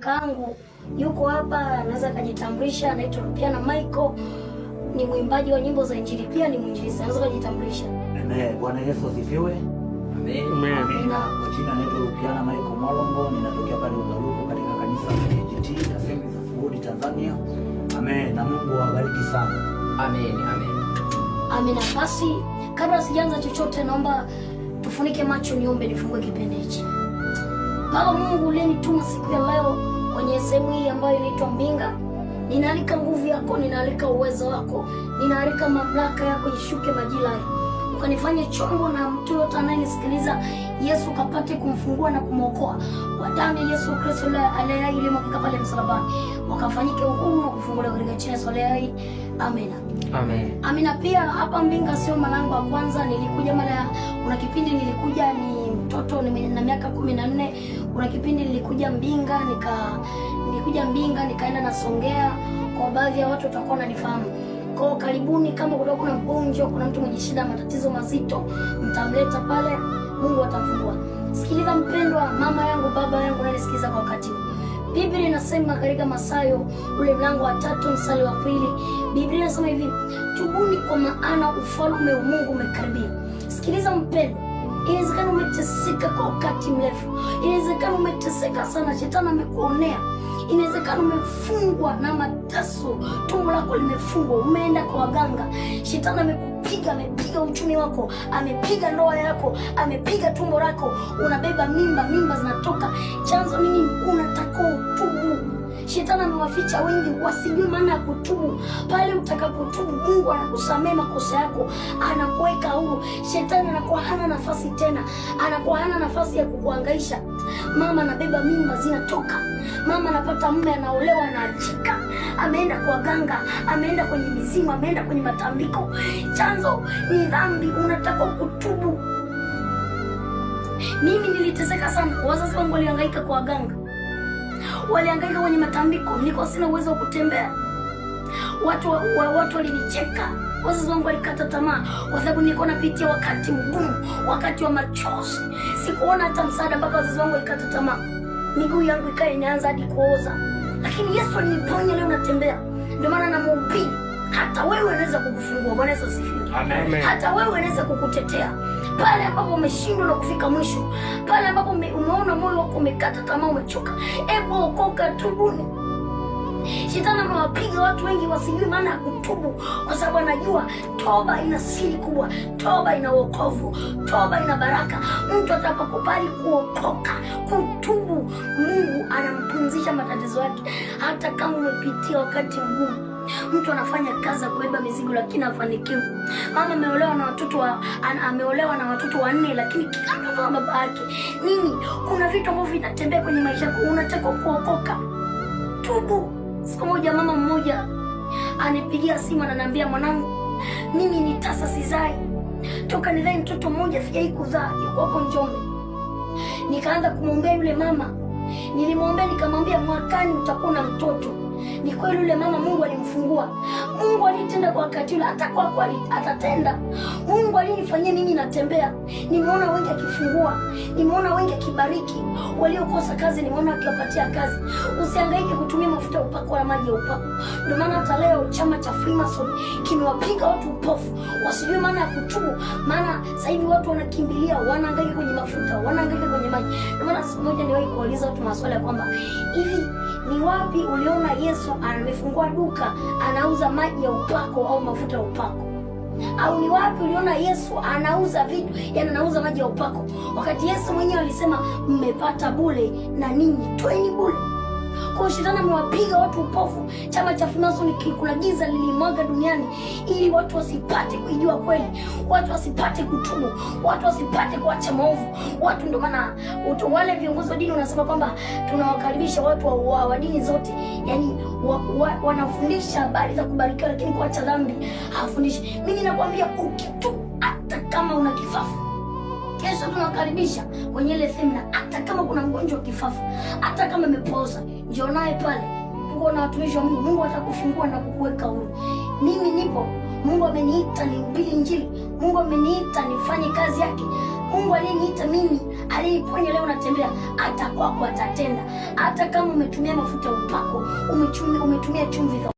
kakaangu yuko hapa, anaweza akajitambulisha. Anaitwa Rupiana Michael, ni mwimbaji wa nyimbo za Injili, pia ni mwinjilisti. Anaweza kujitambulisha. Bwana Yesu asifiwe. Kwa jina naitwa Rupiana Michael Malongo, ninatokea pale Udaruku katika kanisa la na sehemu za God Tanzania. Amen. Na Mungu awabariki sana. Amen. Amen. Amina. Basi kabla sijaanza chochote, naomba tufunike macho, niombe nifungue kipindi hichi. Baba Mungu uliyenituma siku ya leo kwenye sehemu hii ambayo inaitwa Mbinga, ninaalika nguvu yako, ninaalika uwezo wako, ninaalika mamlaka yako ishuke majira haya, ukanifanye chombo na mtu yote anayenisikiliza Yesu kapate kumfungua na kumwokoa kwa damu ya Yesu Kristo aliyai ilimwagika pale msalabani, wakafanyike uhuru na kufunguliwa katika jina la Yesu aliyai. Amina. Amen. Amina. Pia hapa Mbinga sio mara yangu ya kwanza, nilikuja mara, kuna kipindi nilikuja ni ni mtoto na miaka kumi na nne. Kuna kipindi nilikuja Mbinga nika nilikuja Mbinga nikaenda Nasongea, kwa baadhi ya watu watakuwa wananifahamu. Kwa karibuni, kama kutakuwa kuna mgonjwa, kuna mtu mwenye shida, matatizo mazito, mtamleta pale, Mungu atafungua. Sikiliza mpendwa, mama yangu, baba yangu, nanisikiliza kwa wakati huu. Biblia inasema katika Mathayo ule mlango wa tatu mstari wa pili, Biblia inasema hivi, tubuni kwa maana ufalme wa Mungu umekaribia. Sikiliza mpendwa Inawezekana umeteseka kwa wakati mrefu, inawezekana umeteseka sana, shetani amekuonea, inawezekana umefungwa na mateso, tumbo lako limefungwa, umeenda kwa waganga, shetani amekupiga, amepiga uchumi wako, amepiga ndoa yako, amepiga tumbo lako, unabeba mimba, mimba zinatoka, chanzo nini? Shetani amewaficha wengi wasijue maana ya kutubu. Pale utakapotubu, Mungu anakusamea makosa yako, anakuweka huru. Shetani anakuwa hana nafasi tena, anakuwa hana nafasi ya kukuangaisha. Mama anabeba mimba zinatoka, mama anapata mume, anaolewa, anaachika, ameenda kwa ganga, ameenda kwenye mizimu, ameenda kwenye matambiko. Chanzo ni dhambi, unataka kutubu. Mimi niliteseka sana, wazazi wangu walihangaika kwa ganga waliangaika kwenye matambiko, nilikuwa sina uwezo wa kutembea. Watu wa, watu walinicheka, wazazi wangu walikata tamaa, kwa sababu nilikuwa napitia wakati mgumu, wakati wa machozi. Sikuona hata msaada mpaka wazazi wangu walikata tamaa, miguu yangu ikawa inaanza hadi kuoza, lakini Yesu aliniponya, leo natembea. Ndio maana namuhubiri hata wewe anaweza kukufungua. Bwana Yesu asifiwe. Amen. Hata wewe anaweza kukutetea pale ambapo umeshindwa na kufika mwisho, pale ambapo umeona moyo wako umekata tamaa, umechoka, hebu okoka, tubuni. Shetani amewapiga watu wengi wasijui maana ya kutubu, kwa sababu anajua toba ina siri kubwa, toba ina wokovu, toba ina baraka. Mtu atakapokubali kuokoka, kutubu, Mungu anampumzisha matatizo yake, hata kama umepitia wakati mgumu mtu anafanya kazi ya kubeba mizigo lakini hafanikiwi. Mama ameolewa na watoto wa, ameolewa na watoto wanne lakini kila mtu ana baba yake. Nini? Kuna vitu ambavyo vinatembea kwenye maisha yako, unataka kuokoka. Tubu. Siku moja mama mmoja anipigia simu ananiambia, mwanangu, mimi ni tasa sizai. Toka nidhai mtoto mmoja sijai kuzaa, yuko hapo Njombe. Nikaanza kumwombea yule mama. Nilimwombea nikamwambia, mwakani utakuwa na mtoto. Ni kweli yule mama Mungu alimfungua. Mungu alitenda kwa wakati ule, hata kwako atatenda. Mungu alinifanyia mimi natembea. Nimeona wengi akifungua, nimeona wengi akibariki. Waliokosa kazi nimeona akiwapatia kazi. Usihangaike kutumia mafuta upako na maji ya upako. Ndio maana hata leo chama cha Freemason kimewapiga watu upofu, wasijue maana ya kutubu. Maana sasa hivi watu wanakimbilia, wanahangaika kwenye mafuta, wanahangaika kwenye maji siku moja niliwahi kuuliza watu maswali ya kwamba hivi ni wapi uliona Yesu amefungua duka anauza maji ya upako au mafuta ya upako? Au ni wapi uliona Yesu anauza vitu, yani anauza maji ya upako, wakati Yesu mwenyewe alisema mmepata bule na ninyi tweni bule? kwa shetani amewapiga watu upofu. Chama cha Freemason kikulagiza lilimwaga duniani ili watu wasipate kuijua kweli, watu wasipate kutubu, watu wasipate kuacha maovu. Watu ndio maana wale viongozi wa dini wanasema kwamba tunawakaribisha watu wa, wa, wa dini zote, yani wa, wa, wanafundisha habari za kubarikiwa, lakini kuacha dhambi hafundishi. Mimi nakuambia ukitu, hata kama una kifafu Yesu tunakaribisha kwenye ile semina, hata kama kuna mgonjwa wa kifafa, hata kama amepooza, njoo naye pale. Uko na watumishi wa Mungu, Mungu atakufungua na kukuweka huru. Mimi nipo, Mungu ameniita nihubiri Injili, Mungu ameniita nifanye kazi yake. Mungu aliyeniita mimi, aliyeniponya leo natembea, hata kwako atatenda. Hata kama umetumia mafuta upako, umetumia chumvi